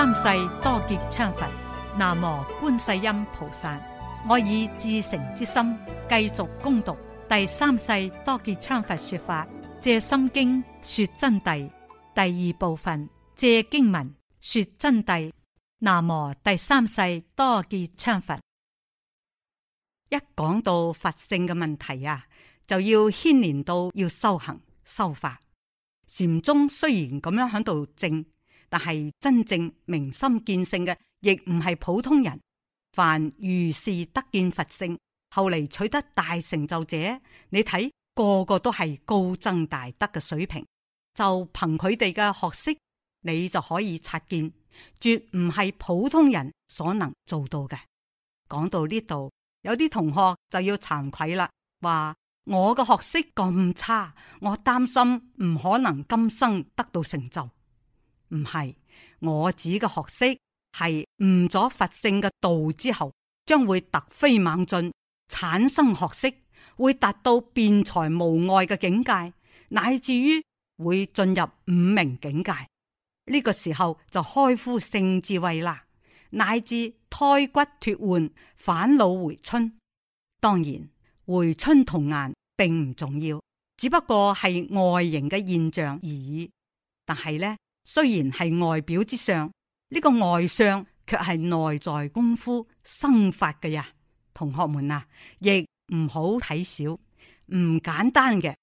三世多杰羌佛，南無觀世音菩薩。我以至誠之心繼續攻讀第三世多杰羌佛說法，藉心經說真諦第二部分，藉經文說真諦。南無第三世多杰羌佛。一講到佛性嘅問題啊，就要牽連到要修行、修法。禪宗雖然咁樣喺度正。但係真正明心見性嘅，亦唔係普通人。凡如是得見佛性，後嚟取得大成就者，你睇個個都係高僧大德嘅水平。就憑佢哋嘅學識，你就可以察見，絕唔係普通人所能做到嘅。講到呢度，有啲同學就要慚愧啦，話我嘅學識咁差，我擔心唔可能今生得到成就。唔係，我指嘅學識係悟咗佛性嘅道之後，將會突飛猛進，產生學識，會達到辯才無礙嘅境界，乃至於會進入五明境界。呢個時候就開敷性智慧啦，乃至胎骨脫換，返老回春。當然回春童顏並唔重要，只不過係外形嘅現象而已。但係呢。雖然係外表之上，呢、這個外相卻係內在功夫生發嘅呀。同學們啊，亦唔好睇小，唔簡單嘅。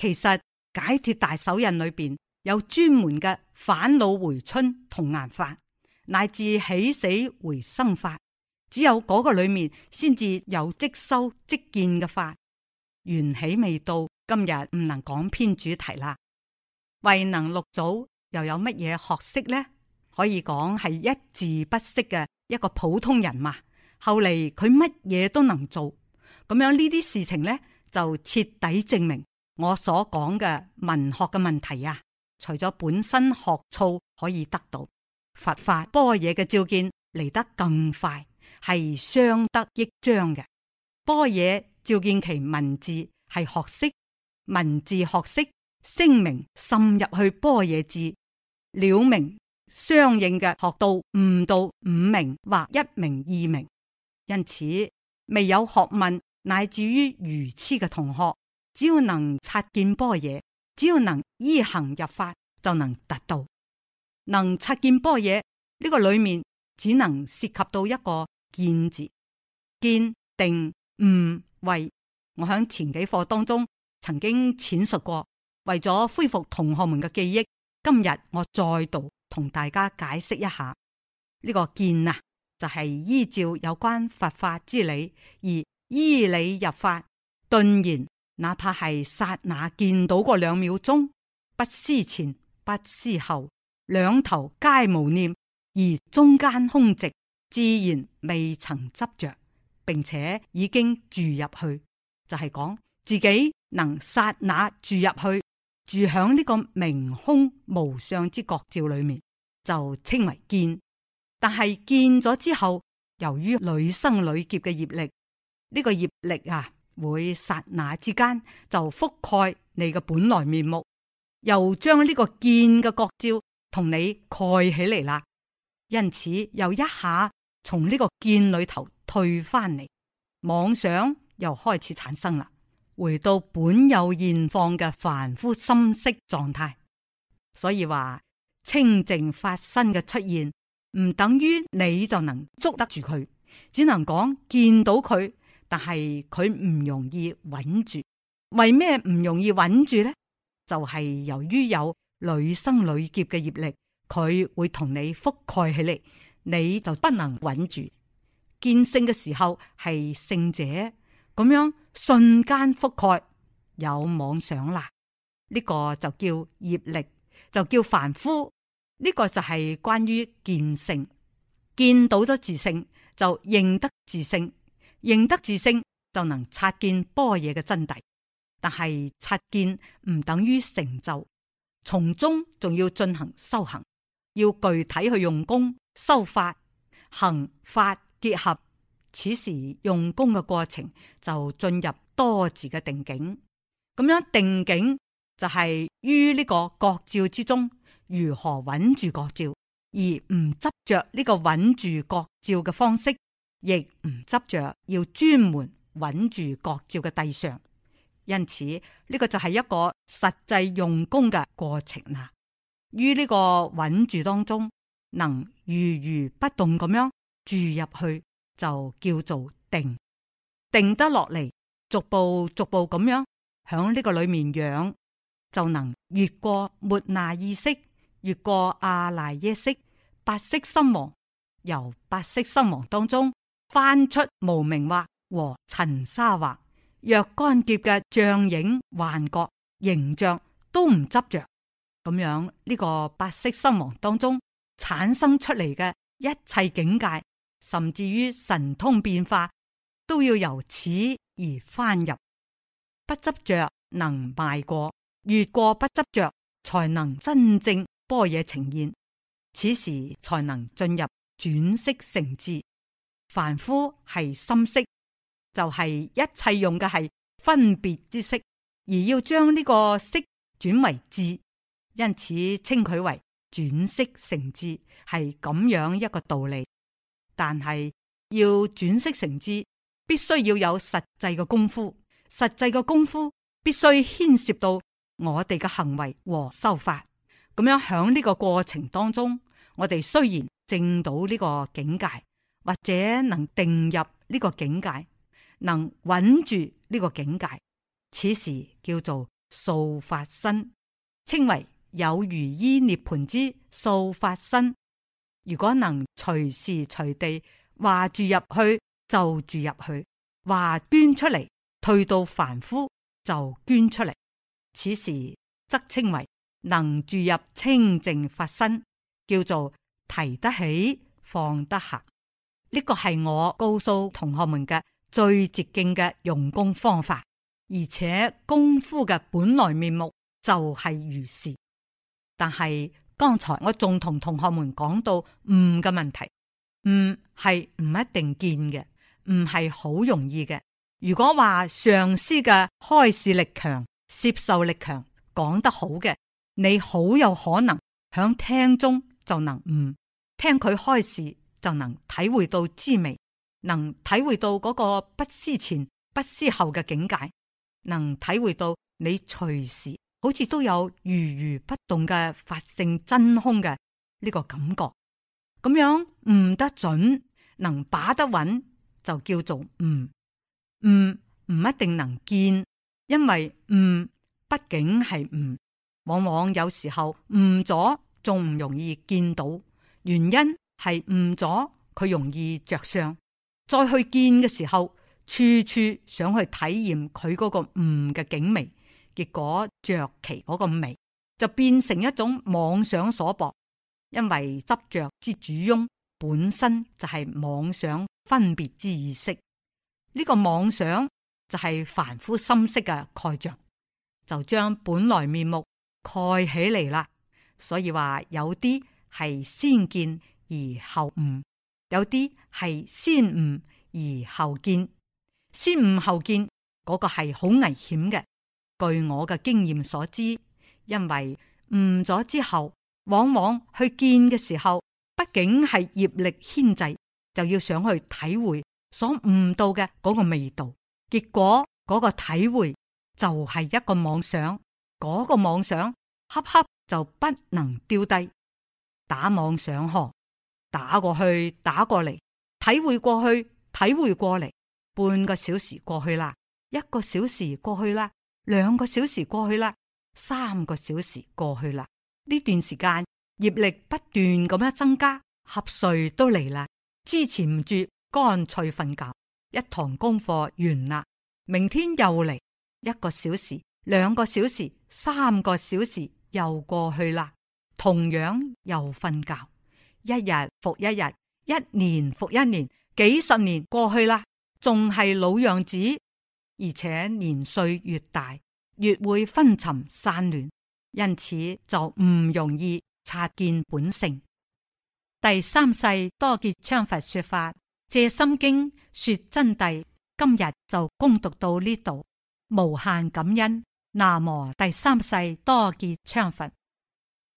其實解脱大手印裏邊有專門嘅返老回春同顏法，乃至起死回生法，只有嗰個裏面先至有即修即見嘅法。緣起未到，今日唔能講篇主題啦。未能六祖。又有乜嘢學識呢？可以講係一字不識嘅一個普通人嘛？後嚟佢乜嘢都能做，咁樣呢啲事情呢，就徹底證明我所講嘅文學嘅問題啊！除咗本身學操可以得到佛法般若嘅照見嚟得更快，係相得益彰嘅。般若照見其文字係學識，文字學識聲明，滲入去般若字。了明相應嘅學到悟到五明或一明二明，因此未有學問乃至於愚痴嘅同學，只要能察見般若，只要能依行入法，就能達到。能察見般若呢個裏面，只能涉及到一個見字，見定悟慧。我喺前幾課當中曾經闡述過，為咗恢復同學們嘅記憶。今日我再度同大家解釋一下呢、這個見啊，就係、是、依照有關佛法之理而依理入法，頓然哪怕係刹那見到嗰兩秒鐘，不思前不思後，兩頭皆無念，而中間空寂，自然未曾執着，並且已經住入去，就係、是、講自己能刹那住入去。住喺呢個明空無相之國照裏面，就稱為見。但係見咗之後，由於累生累劫嘅業力，呢、這個業力啊，會剎那之間就覆蓋你嘅本來面目，又將呢個見嘅國照同你蓋起嚟啦。因此又一下從呢個見裏頭退翻嚟，妄想又開始產生啦。回到本有現況嘅凡夫心識狀態，所以話清淨法身嘅出現，唔等於你就能捉得住佢,只能講見到佢，但係佢唔容易穩住。為咩唔容易穩住呢？就係、是、由於有屢生屢劫嘅業力，佢會同你覆蓋起嚟，你就不能穩住。見聖嘅時候係聖者咁樣。瞬間覆蓋有妄想啦，呢、這個就叫業力，就叫凡夫。呢、這個就係關於見性，見到咗自性就認得自性，認得自性就能察見般若嘅真諦。但係察見唔等於成就，從中仲要進行修行，要具體去用功修法行法結合。此時用功嘅過程就進入多字嘅定境，咁樣定境就係、是、於呢個覺照之中，如何穩住覺照，而唔執着呢個穩住覺照嘅方式，亦唔執着要專門穩住覺照嘅地上。因此呢、這個就係一個實際用功嘅過程啦。於呢個穩住當中，能如如不動咁樣住入去。就叫做定，定得落嚟，逐步逐步咁樣響呢個裏面養，就能越過末那意識，越過阿賴耶識，白色心王，由白色心王當中翻出無明惑和塵沙惑若干劫嘅像影幻覺形象都唔執着，咁樣呢個白色心王當中產生出嚟嘅一切境界。甚至於神通變化，都要由此而翻入。不執着能邁過，越過不執着，才能真正般若呈現。此時才能進入轉識成智。凡夫係心識，就係、是、一切用嘅係分別之識，而要將呢個識轉為智，因此稱佢為轉識成智，係咁樣一個道理。但係要轉識成智，必須要有實際嘅功夫。實際嘅功夫必須牽涉到我哋嘅行為和修法。咁樣喺呢個過程當中，我哋雖然正到呢個境界，或者能定入呢個境界，能穩住呢個境界，此時叫做素法身，稱為有餘依涅盤之素法身。如果能隨時隨地話住入去就住入去，話捐出嚟，退到凡夫就捐出嚟，此時則稱為能住入清淨法身，叫做提得起放得下。呢個係我告訴同學們嘅最捷徑嘅用功方法，而且功夫嘅本來面目就係如是，但係。剛才我仲同同學們講到悟嘅問題，悟係唔一定見嘅，唔係好容易嘅。如果話上師嘅開示力強、攝受力強、講得好嘅，你好有可能響聽中就能悟，聽佢開示就能體會到滋味，能體會到嗰個不思前不思後嘅境界，能體會到你隨時。好似都有如如不動嘅法性真空嘅呢、這個感覺，咁樣悟得準，能把得穩，就叫做悟。悟唔一定能見，因為悟畢竟係悟，往往有時候悟咗仲唔容易見到，原因係悟咗佢容易着相，再去見嘅時候，處處想去體驗佢嗰個悟嘅景味。結果着其嗰個味，就變成一種妄想所薄，因為執着之主翁本身就係妄想分別之意識。呢個妄想就係凡夫心識嘅蓋象，就將本來面目蓋起嚟啦。所以話有啲係先見而後悟，有啲係先悟而後見。先悟後見嗰個係好危險嘅。據我嘅經驗所知，因為悟咗之後，往往去見嘅時候，畢竟係業力牽制，就要上去體會所悟到嘅嗰個味道。結果嗰個體會就係一個妄想，嗰個妄想恰恰就不能丟低。打妄想學，打過去，打過嚟，體會過去，體會過嚟，半個小時過去啦，一個小時過去啦。兩個小時過去啦，三個小時過去啦。呢段時間業力不斷咁樣增加，瞌睡都嚟啦，支持唔住，乾脆瞓覺。一堂功課完啦，明天又嚟。一個小時，兩個小時，三個小時又過去啦，同樣又瞓覺。一日復一日，一年復一年，幾十年過去啦，仲係老樣子。而且年歲越大，越會分沉散亂，因此就唔容易察見本性。第三世多杰羌佛說法《藉心經》說真諦，今日就恭讀到呢度，無限感恩。南無第三世多杰羌佛。